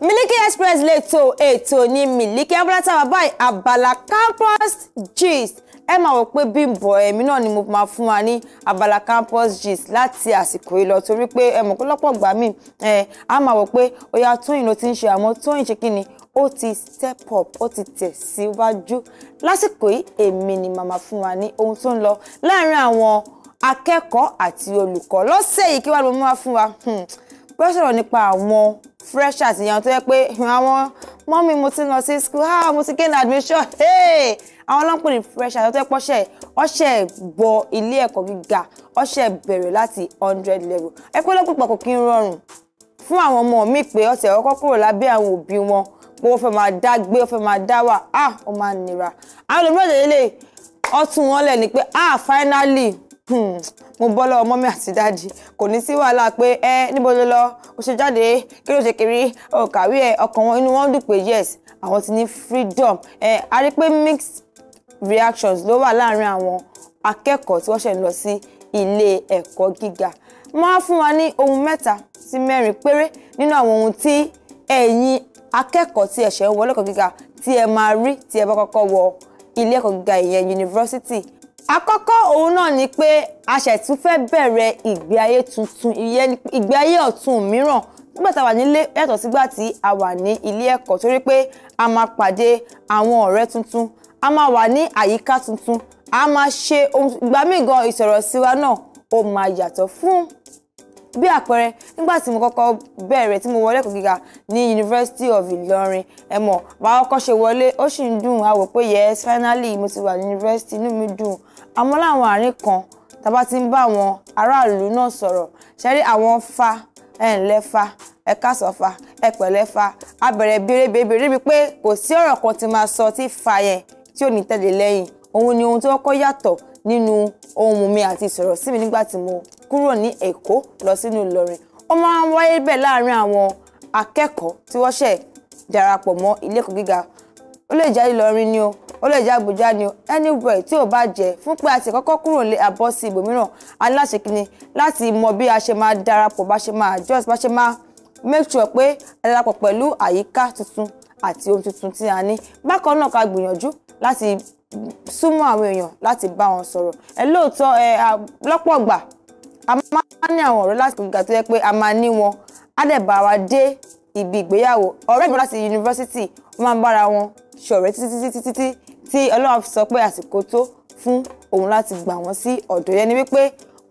Miliki Express lẹ́tọ̀ ètò ní Miliki abúlátà bàbá àbàlà campus gist ẹ máa wọ pé Bímbọ́ ẹ̀mí náà ni mo máa fún wa ní abala campus gist láti àsìkò yìí lọ torí pé ẹ mọ̀ pé lọ́pọ̀ ìgbà míì ẹ á máa wọ pé ó yá Tóyìn ló ti ń ṣe àmọ́ Tóyìn ṣe kí ni ó ti step up ó ti tẹ̀síwájú lásìkò yìí èmi ni màmá fún wa ní ohun tó ń lọ láàárín àwọn akẹ́kọ̀ọ́ àti olùkọ́ lọ́sẹ̀ yìí kí wàá ló máa fún wa bó hmm, sọ̀rọ̀ nípa àwọn freshers ìyẹn tó yẹ pé àwọn mọ́mí mo ti lọ sí school ah mo ti gain admission hey àwọn ọlọ́pàá ní freshers tó yẹ pọ́ṣẹ̀ ọṣẹ bọ ilé ẹ̀kọ́ gíga ọṣẹ bẹ̀rẹ̀ láti hundred level ẹ̀kọ́ lọ́pọ̀ pàkó kí n rọrùn fún àwọn ọmọ mi pé ọ̀sẹ̀ ọkọ́ kúrò lábẹ́ àwọn òbí wọn pé ó fẹ́ máa dá gbé ó fẹ́ máa dá wà ah ó máa nira àwọn olùmọ̀ọ́dẹ̀ lélẹ̀ ọtún wọn lẹ̀ ni pé ah finally Hmm. mo bọ́ lọ́wọ́ mọ́mí àti dáàdì kò ní sí wàhálà pé ẹ níbo ló lọ o ṣe jáde kí ló ṣe kiri o kàwé ẹ ọkàn wọn inú wọn dùn pé yes àwọn ti ní freedom ẹ a rí pé mixed reactions ló wà láàárín àwọn akẹ́kọ̀ọ́ tí wọ́n ṣẹ̀ ń lọ sí ilé ẹ̀kọ́ gíga máa fún wa ní ohun mẹ́ta sí mẹ́rin péré nínú àwọn ohun tí ẹ̀yin akẹ́kọ̀ọ́ tí ẹ̀ṣẹ̀ ń wọ lẹ́kọ̀ọ́ gíga tí ẹ máa rí tí ẹ bá kọ́kọ́ wọ ilé ẹ̀kọ́ gíga ìyẹn yunifásitì àkọ́kọ́ òun náà ni pé a ṣẹ̀tún fẹ́ bẹ̀rẹ̀ ìgbé ayé tuntun ìyẹn ìgbé ayé ọ̀tun mìíràn nígbà tá a wà nílé yàtọ̀ sígbà tí a wà ní ilé ẹ̀kọ́ torí pé a máa pàdé àwọn ọ̀rẹ́ tuntun a máa wà ní àyíká tuntun a máa ṣe ìgbà míì ìsọ̀rọ̀ sí náà ó máa yàtọ̀ fún bí àpẹẹrẹ nígbà tí mo kọ́kọ́ bẹ̀rẹ̀ tí mo wọlé ẹ̀kọ́ gíga ní University of Ìlọrin ẹ mọ̀ bá ọkọ̀ ṣe wọlé ó sì ń dùn a pé yes finally mo ti wà ní university inú mi dùn àmọ́ láwọn àárín kan tàbá ti ń bá àwọn aráàlú náà sọ̀rọ̀ ṣẹ́rí àwọn fa ẹ̀ ńlẹ́ fa ẹ kásọ̀fà ẹ pẹ̀lẹ́fà a bẹ̀rẹ̀ bérebèbè ríbi pé kò sí ọ̀rọ̀ kan tí máa sọ tí fa yẹn tí ò ní tẹ̀lé lẹ́yìn òun ni ohun tó kọ́ yàtọ̀ nínú ohun mi àti ìsọ̀rọ̀ sí mi nígbà tí mo kúrò ní Èkó lọ sínú Ìlọrin ó máa ń wáyé bẹ́ẹ̀ láàárín àwọn akẹ́kọ̀ọ́ tí wọ́n ṣẹ̀ darapọ̀ mọ́ ilé ẹ̀kọ́ gíga ó lè jẹ́ Ìlọrin ni o ó lè jẹ́ Àbújá ni o anywhere tí ò bá jẹ́ fún pé a ti kọ́kọ́ kúrò lé abọ́ sí ibòmíràn aláṣẹ kìíní láti mọ bí a ṣe máa darapọ̀ bá ṣe máa adjust bá ṣe máa make sure pé a darapọ̀ pẹ̀lú àyíká tuntun àti ohun tuntun tí a ní bákan náà ká gbìyànjú láti súnmọ́ àwọn èèyàn láti bá wọn sọ̀rọ̀ ẹ lóòótọ́ ẹ lọ́pọ̀ gbà a máa ní àwọn ọ̀rẹ́ láti gíga tó yẹ pé a máa ní wọn á dẹ̀ bá wa dé ibi ìgbéyàwó ọ̀rẹ́ mi láti yunifásitì wọ́n máa ń bára wọn ṣọ̀rẹ́ títí títí títí tí ọlọ́run fi sọ pé àsìkò tó fún òun láti gbà wọ́n sí ọ̀dọ̀ yẹn ni wípé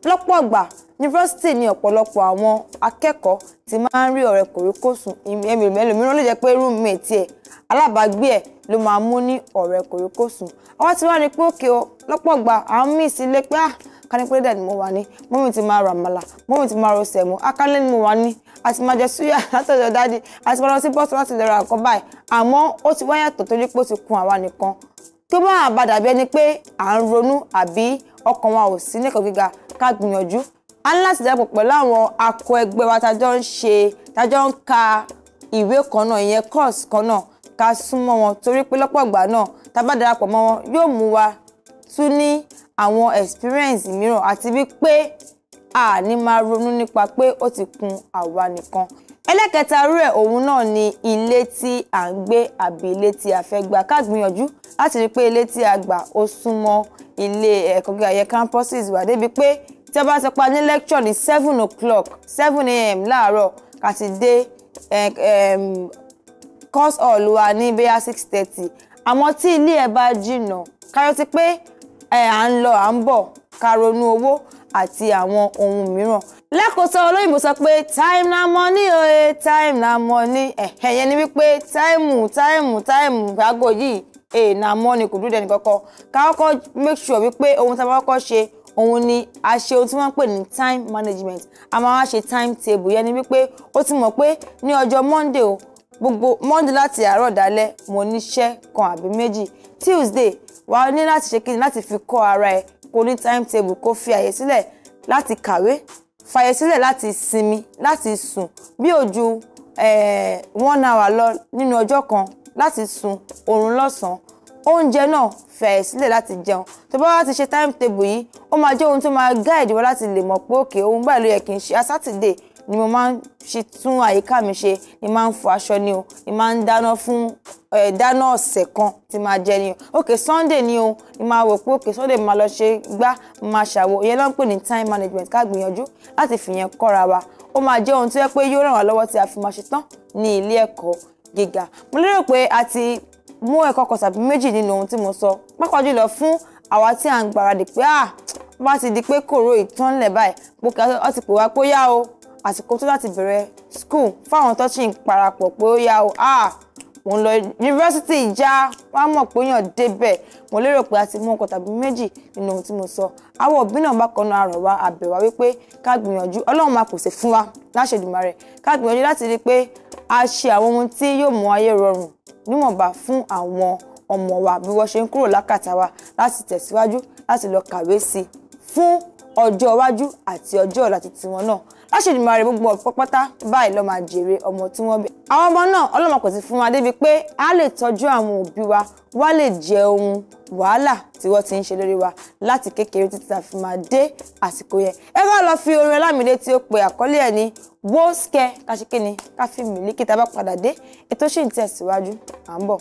lọ́pọ̀ ọ̀gbà yunifásitì ni ọ̀pọ̀lọpọ̀ àwọn akẹ́kọ̀ọ́ ti máa ń rí ọ̀rẹ́ kòríkòsùn ẹlòmíràn ló jẹ́ pé rúmẹ̀tì ẹ̀ alábàágbé ẹ̀ ló máa mú ní ọ̀rẹ́ kòríkòsùn àwọn tí wọ́n ní pé òkè o lọ́pọ̀ gba àwọn míì sí ilé pé ah kánípẹ́rẹ́dà ni mo wà ní mọ́mí ti máa ra àmàlà mọ́mí ti máa rọṣẹ̀ mọ́ akálẹ́ ah, ni mo wà ní àti máa jẹ súyà látọ̀dọ̀ dáàdi àti máa lọ sí bọ́ọ̀sì láti lè ra nǹkan báyìí àmọ́ ó ti wáyà tó torí pé ó ti kun àwa nìkan kí ó má bàa dàbí ẹni pé à ń ronú àbí ọkàn wa ò sí nìkan gíga ká gbìyànjú a ní láti dàpọ̀ pẹ̀lú àwọn akọ ẹgbẹ́ wa tájọ́ ń ṣe tájọ́ ń ka ìwé kan náà ìyẹn course kan náà ká súnmọ́ wọn torí pé lọ́pọ̀ ìgbà náà tá darapọ̀ mọ́ wọn yóò mú wa tún ní àwọn experience mìíràn àti wípé a ní máa ronú nípa pé ó ti kun àwa nìkan ẹlẹ́kẹta rú ẹ̀ òun náà ni ilé tí à ń gbé àbí ilé tí a fẹ́ gbà ká gbìyànjú láti rí pé ilé tí a gbà ó súnmọ́ ilé ẹ̀kọ́ gíga yẹn campuses wà débi pé tí a bá sọ pa ní lecture ní seven o'clock seven a.m. láàárọ̀ ká ti dé eh, course hall wa ní bẹ́yà six thirty àmọ́ tí ilé ẹ̀ bá jìnnà káyọ̀ ti pé eh, à ń lọ à ń bọ̀ ká ronú owó àti àwọn ohun mìíràn lẹ́kọ̀ọ́sọ olóyìnbó sọ pé time na money oye eh, time na money ẹ̀yẹn ni wípé táìmù táìmù táìmù gbàgbọ́ yìí na money kò dúró dẹni kankan ká kọ́kọ́ make sure wípé ohun tá a bá kọ́kọ́ ṣe òun ni a ṣe ohun tí wọ́n ń pè ní time management a máa wá ṣe time table yẹn ni wípé ó ti mọ̀ pé ní ọjọ́ monday o gbogbo monday láti àárọ̀ dálẹ́ mo níṣẹ́ kan àbí méjì tuesday wà á ní láti ṣe kí ni láti fi kọ́ ara ẹ kó ní time table kó fi àyè sílẹ̀ láti kàwé fàyè sílẹ̀ láti sinmi láti sùn bí ó eh, one hour lọ nínú ọjọ́ kan láti sun oorun lọ́sàn-án oúnjẹ náà fẹ̀ẹ́ sílẹ̀ láti jẹun tó bá wá ti ṣe timetable yìí ó máa jẹ́ ohun tó máa guide wa láti lè mọ̀ pé òkè ohun báyìí ló yẹ kí n ṣe asátidé ni mo máa ń ṣe tún àyíká mi ṣe ni máa ń fọ aṣọ ni o ni máa ń dáná fún dáná ọ̀sẹ̀ kan tí máa jẹ ni o òkè Sunday ni o ni máa wò pé òkè Sunday máa lọ ṣe gbá máa ṣàwò ìyẹn ló ń pè ní time management ká gbìyànjú láti fìyẹn kọ́ra wa ó máa jẹ́ ohun tó yẹ pé yóò ràn wá lọ́wọ́ tí a fi máa ṣe tán ní ilé ẹ̀kọ́ gíga mo lérò pé a ti mú ẹ̀kọ́ kan tàbí méjì nínú ohun tí mo sọ pàápàá jùlọ fún àwa tí à ń gbáradì pé à ah, bá ti di pé kòró ìtọ́nlẹ̀ báyìí pòkè ọ ti pè wá pé ó yá o àsìkò tó láti bẹ̀rẹ̀ school fáwọn tó ṣì ń parapọ̀ pé ó yá o à ah, mo ń lọ yunifásitì ìjà wá mọ̀ pé yàn débẹ̀ mo lérò pé a ti mú ọkọ̀ tàbí méjì nínú ohun tí mo sọ àwọn òbí náà bá kọ́nu àrọ̀ wa àbẹ̀ wípé ká gbìyànjú ọlọ́run máa pèsè fún wa láṣẹ Èdùmàrè ká gbìyànjú láti rí i pé a ṣe àwọn ohun tí yóò mú ayé rọrùn níwọ̀nba fún àwọn ọmọ wa bí wọ́n ṣe ń kúrò lákàtà wa láti tẹ̀síwájú láti lọ kàwé sí i fún ọjọ́ iwájú àti ọjọ́ ọ̀la títí wọn náà láṣẹ ìdìmọ̀ rẹ̀ gbogbo ọ̀pọ̀ pátá báyìí lọ́ọ́ máa jèrè ọmọ tí wọ́n bí. àwọn ọmọ náà ọlọ́mọ kò ti fún wa débi pé a lè tọ́jú àwọn òbí wa wá lè jẹ ohun wàhálà tí wọ́n ti ń ṣe lórí wa láti kékeré títí tá a fi máa dé àsìkò yẹn. ẹ bá lọ fi orin Ọlámídé tí ó pe àkọ́lé ẹ̀ ní Wọ́ọ̀sìkẹ́ ká ṣe kí ni ká fi mílíkì tá a bá padà dé ètò ṣì ń tẹ̀síwájú à ń bọ̀.